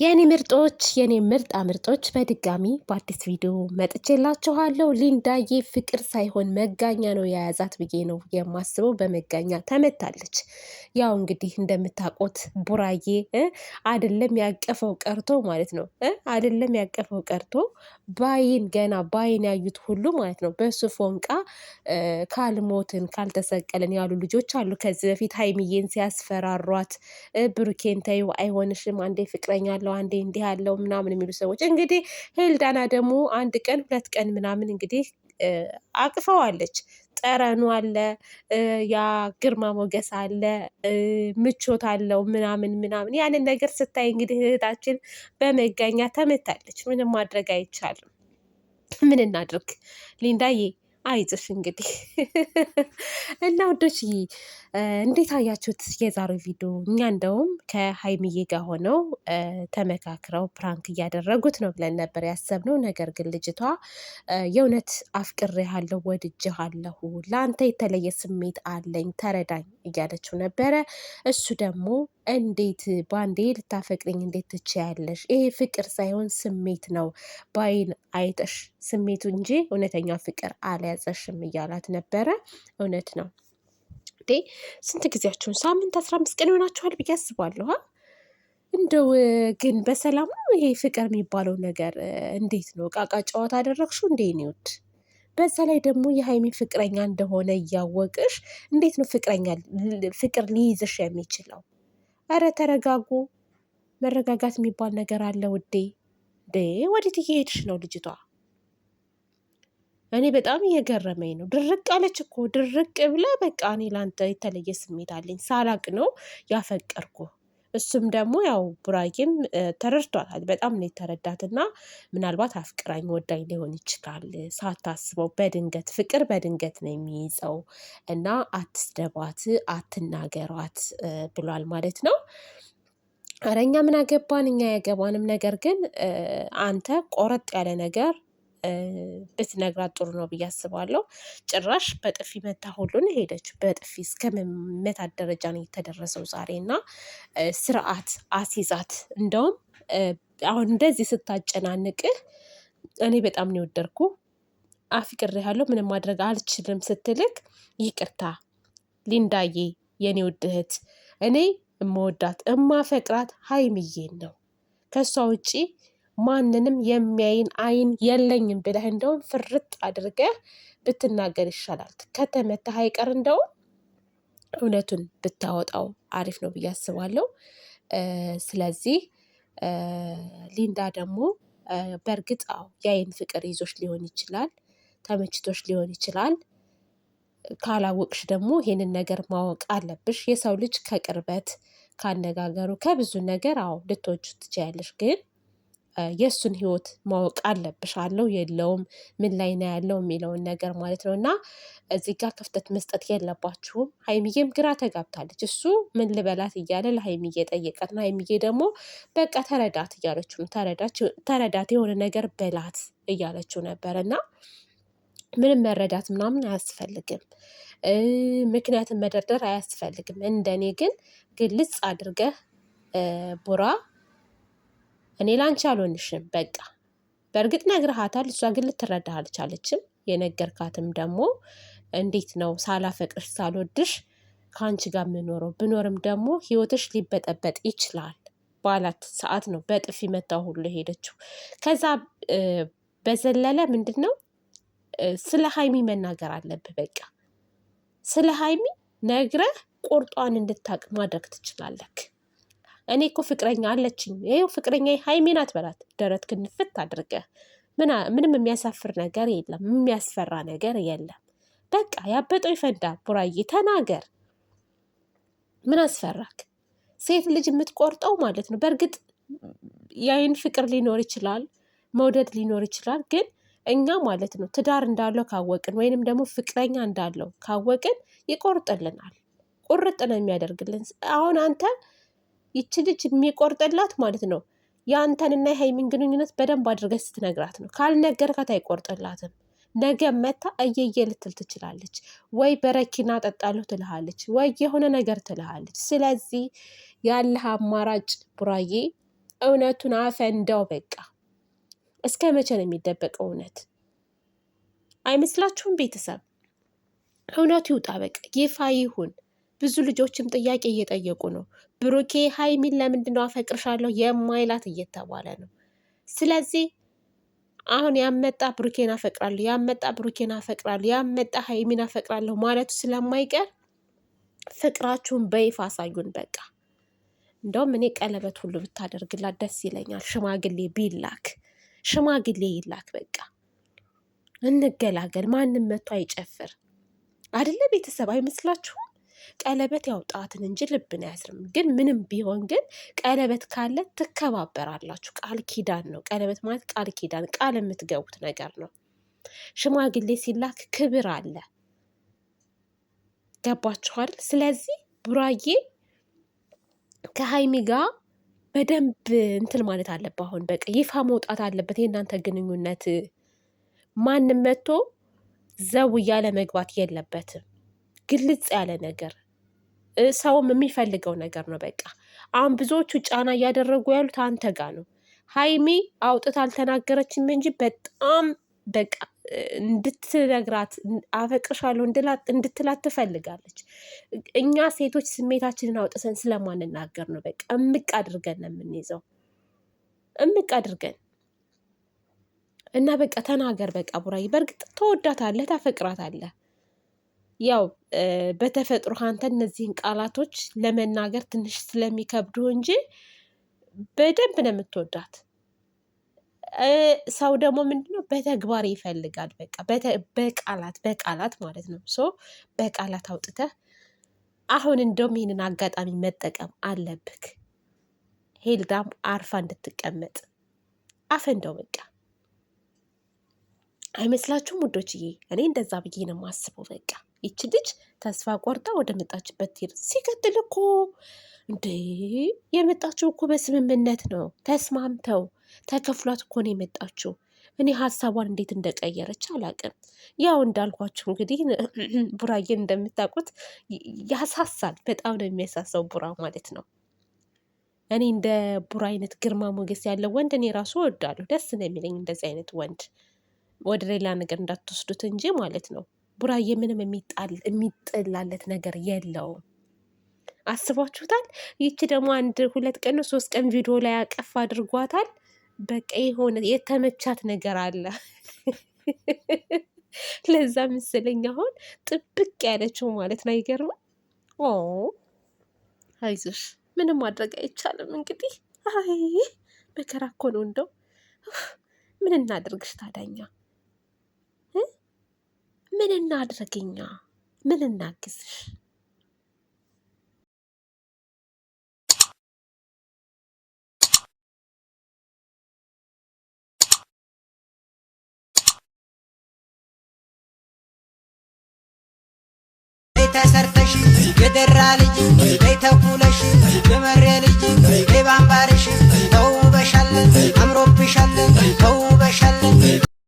የኔ ምርጦች የኔ ምርጣ ምርጦች በድጋሚ በአዲስ ቪዲዮ መጥቼላችኋለሁ። ሊንዳዬ ፍቅር ሳይሆን መጋኛ ነው የያዛት ብዬ ነው የማስበው። በመጋኛ ተመታለች። ያው እንግዲህ እንደምታውቁት ቡራዬ አይደለም ያቀፈው ቀርቶ ማለት ነው አይደለም ያቀፈው ቀርቶ ባይን ገና ባይን ያዩት ሁሉ ማለት ነው በሱ ፎንቃ ካልሞትን ካልተሰቀልን ያሉ ልጆች አሉ። ከዚህ በፊት ሀይሚዬን ሲያስፈራሯት ብሩኬን ተይው አይሆንሽም አንዴ ፍቅረኛ አለው አንዴ እንዲህ አለው ምናምን የሚሉ ሰዎች እንግዲህ ሄልዳና ደግሞ አንድ ቀን ሁለት ቀን ምናምን እንግዲህ አቅፈዋለች። ጠረኑ አለ፣ ያ ግርማ ሞገስ አለ፣ ምቾት አለው ምናምን ምናምን። ያንን ነገር ስታይ እንግዲህ እህታችን በመጋኛ ተመታለች። ምንም ማድረግ አይቻልም። ምን እናድርግ ሊንዳዬ? አይጽፍ እንግዲህ እና ወዶች እንዴት አያችሁት የዛሬው ቪዲዮ? እኛ እንደውም ከሀይሚዬ ጋር ሆነው ተመካክረው ፕራንክ እያደረጉት ነው ብለን ነበር ያሰብነው። ነገር ግን ልጅቷ የእውነት አፍቅሬሃለሁ፣ ወድጄሃለሁ፣ ለአንተ የተለየ ስሜት አለኝ፣ ተረዳኝ እያለችው ነበረ። እሱ ደግሞ እንዴት ባንዴ ልታፈቅሪኝ እንዴት ትችያለሽ? ይሄ ፍቅር ሳይሆን ስሜት ነው ባይን አይጠሽ ስሜቱ እንጂ እውነተኛ ፍቅር አልያዘሽም እያላት ነበረ። እውነት ነው። ስንት ጊዜያችሁን ሳምንት አስራ አምስት ቀን ይሆናችኋል ብዬ አስባለሁ። እንደው ግን በሰላም ነው ይሄ ፍቅር የሚባለው ነገር? እንዴት ነው ቃቃ ጨዋታ አደረግሽው እንዴ? ኒውድ በዛ ላይ ደግሞ የሀይሚ ፍቅረኛ እንደሆነ እያወቅሽ እንዴት ነው ፍቅረኛ ፍቅር ሊይዝሽ የሚችለው? አረ ተረጋጉ። መረጋጋት የሚባል ነገር አለ ውዴ። ወዴት እየሄድሽ ነው ልጅቷ? እኔ በጣም እየገረመኝ ነው። ድርቅ አለች እኮ ድርቅ ብላ በቃ እኔ ለአንተ የተለየ ስሜት አለኝ ሳላቅ ነው ያፈቀርኩ። እሱም ደግሞ ያው ቡራጌም ተረድቷታል። በጣም ነው የተረዳትና ምናልባት አፍቅራኝ ወዳኝ ሊሆን ይችላል ሳታስበው በድንገት ፍቅር በድንገት ነው የሚይዘው እና አትስደቧት፣ አትናገሯት ብሏል ማለት ነው። ኧረ እኛ ምን አገባን እኛ ያገባንም። ነገር ግን አንተ ቆረጥ ያለ ነገር ብትነግራት ጥሩ ነው ብዬ አስባለሁ። ጭራሽ በጥፊ መታ ሁሉን ሄደች። በጥፊ መመታት ደረጃ ነው የተደረሰው ዛሬ እና ስርዓት አስይዛት። እንደውም አሁን እንደዚህ ስታጨናንቅህ እኔ በጣም ነው የወደድኩ አፍቅሬሃለሁ ምንም ማድረግ አልችልም ስትልክ ይቅርታ ሊንዳዬ የኔ ውድ እህት እኔ እመወዳት እማፈቅራት ሀይምዬን ነው ከእሷ ውጪ ማንንም የሚያይን አይን የለኝም ብለህ እንደውም ፍርጥ አድርገህ ብትናገር ይሻላል። ከተመታህ አይቀር እንደውም እውነቱን ብታወጣው አሪፍ ነው ብዬ አስባለሁ። ስለዚህ ሊንዳ ደግሞ በእርግጥ አዎ የአይን ፍቅር ይዞች ሊሆን ይችላል፣ ተመችቶች ሊሆን ይችላል። ካላወቅሽ ደግሞ ይህንን ነገር ማወቅ አለብሽ። የሰው ልጅ ከቅርበት ካነጋገሩ፣ ከብዙ ነገር አዎ ልትወጁ ትችያለሽ ግን የእሱን ህይወት ማወቅ አለብሽ። አለው የለውም ምን ላይ ነው ያለው የሚለውን ነገር ማለት ነው። እና እዚህ ጋር ክፍተት መስጠት የለባችሁም። ሀይሚዬም ግራ ተጋብታለች። እሱ ምን ልበላት እያለ ለሀይሚዬ ጠየቃት። ነው ሀይሚዬ ደግሞ በቃ ተረዳት እያለችው ነው። ተረዳት የሆነ ነገር በላት እያለችው ነበር እና ምንም መረዳት ምናምን አያስፈልግም። ምክንያትን መደርደር አያስፈልግም። እንደኔ ግን ግልጽ አድርገህ ቡራ እኔ ላንቺ አልሆንሽም በቃ በእርግጥ ነግረሃታል። እሷ ግን ልትረዳህ አልቻለችም። የነገርካትም ደግሞ እንዴት ነው ሳላፈቅርሽ ሳልወድሽ ከአንቺ ጋር የምኖረው ብኖርም ደግሞ ህይወትሽ ሊበጠበጥ ይችላል ባላት ሰዓት ነው በጥፊ መታው ሁሉ ሄደችው። ከዛ በዘለለ ምንድን ነው ስለ ሀይሚ መናገር አለብህ። በቃ ስለ ሀይሚ ነግረህ ቁርጧን እንድታቅ ማድረግ ትችላለህ። እኔ እኮ ፍቅረኛ አለችኝ፣ ይኸው ፍቅረኛ ሀይሜ ናት በላት። ደረት ክንፍት አድርገ ምንም የሚያሳፍር ነገር የለም፣ የሚያስፈራ ነገር የለም። በቃ ያበጠው ይፈንዳ። ቡራዬ ተናገር፣ ምን አስፈራክ? ሴት ልጅ የምትቆርጠው ማለት ነው። በእርግጥ የአይን ፍቅር ሊኖር ይችላል፣ መውደድ ሊኖር ይችላል። ግን እኛ ማለት ነው ትዳር እንዳለው ካወቅን ወይንም ደግሞ ፍቅረኛ እንዳለው ካወቅን ይቆርጥልናል። ቁርጥ ነው የሚያደርግልን። አሁን አንተ ይቺ ልጅ የሚቆርጥላት ማለት ነው የአንተንና የሀይሚን ግንኙነት በደንብ አድርገህ ስትነግራት ነው። ካልነገርካት አይቆርጥላትም። ነገ መታ እየየ ልትል ትችላለች፣ ወይ በረኪና ጠጣለሁ ትልሃለች፣ ወይ የሆነ ነገር ትልሃለች። ስለዚህ ያለህ አማራጭ ቡራዬ እውነቱን አፈንዳው። በቃ እስከ መቼ ነው የሚደበቀው? እውነት አይመስላችሁም? ቤተሰብ እውነቱ ይውጣ፣ በቃ ይፋ ይሁን። ብዙ ልጆችም ጥያቄ እየጠየቁ ነው። ብሩኬ ሀይሚን ለምንድነው አፈቅርሻለሁ የማይላት እየተባለ ነው። ስለዚህ አሁን ያመጣ ብሩኬን አፈቅራለሁ ያመጣ ብሩኬን አፈቅራለሁ ያመጣ ሀይሚን አፈቅራለሁ ማለቱ ስለማይቀር ፍቅራችሁን በይፋ አሳዩን። በቃ እንደውም እኔ ቀለበት ሁሉ ብታደርግላት ደስ ይለኛል። ሽማግሌ ቢላክ ሽማግሌ ይላክ። በቃ እንገላገል። ማንም መቶ አይጨፍር አይደለ? ቤተሰብ አይመስላችሁም? ቀለበት ያው ጣትን እንጂ ልብን አያስርም። ግን ምንም ቢሆን ግን ቀለበት ካለ ትከባበራላችሁ። ቃል ኪዳን ነው። ቀለበት ማለት ቃል ኪዳን፣ ቃል የምትገቡት ነገር ነው። ሽማግሌ ሲላክ ክብር አለ። ገባችኋል? ስለዚህ ቡራዬ ከሀይሚ ጋር በደንብ እንትን ማለት አለበት። አሁን በቃ ይፋ መውጣት አለበት የእናንተ ግንኙነት። ማንም መጥቶ ዘው እያለ መግባት የለበትም። ግልጽ ያለ ነገር ሰውም የሚፈልገው ነገር ነው። በቃ አሁን ብዙዎቹ ጫና እያደረጉ ያሉት አንተ ጋር ነው። ሀይሚ አውጥት አልተናገረችም እንጂ በጣም በቃ እንድትነግራት አፈቅርሻለሁ እንድትላት ትፈልጋለች። እኛ ሴቶች ስሜታችንን አውጥተን ስለማንናገር ነው። በቃ እምቅ አድርገን ነው የምንይዘው፣ እምቅ አድርገን እና በቃ ተናገር። በቃ ቡራዬ፣ በእርግጥ ተወዳታለህ፣ ታፈቅራታለህ ያው በተፈጥሮ አንተ እነዚህን ቃላቶች ለመናገር ትንሽ ስለሚከብዱ እንጂ በደንብ ነው የምትወዳት። ሰው ደግሞ ምንድነው በተግባር ይፈልጋል። በቃ በቃላት በቃላት ማለት ነው ሶ በቃላት አውጥተህ አሁን እንደውም ይህንን አጋጣሚ መጠቀም አለብክ። ሄልዳም አርፋ እንድትቀመጥ አፈ እንደው በቃ አይመስላችሁም ውዶችዬ? እኔ እንደዛ ብዬ ነው የማስበው በቃ ይች ልጅ ተስፋ ቆርጣ ወደ መጣችበት ሄድ ሲቀጥል እኮ እንዴ የመጣችው እኮ በስምምነት ነው፣ ተስማምተው ተከፍሏት እኮ ነው የመጣችው። እኔ ሀሳቧን እንዴት እንደቀየረች አላውቅም። ያው እንዳልኳችሁ እንግዲህ ቡራዬን እንደምታውቁት ያሳሳል። በጣም ነው የሚያሳሳው ቡራ ማለት ነው። እኔ እንደ ቡራ አይነት ግርማ ሞገስ ያለው ወንድ እኔ ራሱ እወዳለሁ። ደስ ነው የሚለኝ እንደዚህ አይነት ወንድ። ወደ ሌላ ነገር እንዳትወስዱት እንጂ ማለት ነው። ቡራዬ ምንም የሚጠላለት ነገር የለውም። አስባችሁታል? ይቺ ደግሞ አንድ ሁለት ቀን ሶስት ቀን ቪዲዮ ላይ አቀፍ አድርጓታል። በቃ የሆነ የተመቻት ነገር አለ። ለዛ ምስለኝ አሁን ጥብቅ ያለችው ማለት ነው። አይገርምም? ኦ አይዞሽ፣ ምንም ማድረግ አይቻልም። እንግዲህ አይ መከራ እኮ ነው። እንደው ምን እናደርግሽ ታዳኛ ምን እናድርግኛ? ምን እናግዝሽ? ተሰርተሽ የደራ ልጅ ተኩለሽ የመሬ ልጅ ባምባርሽ ተውበሻለን አምሮብሻለን ተው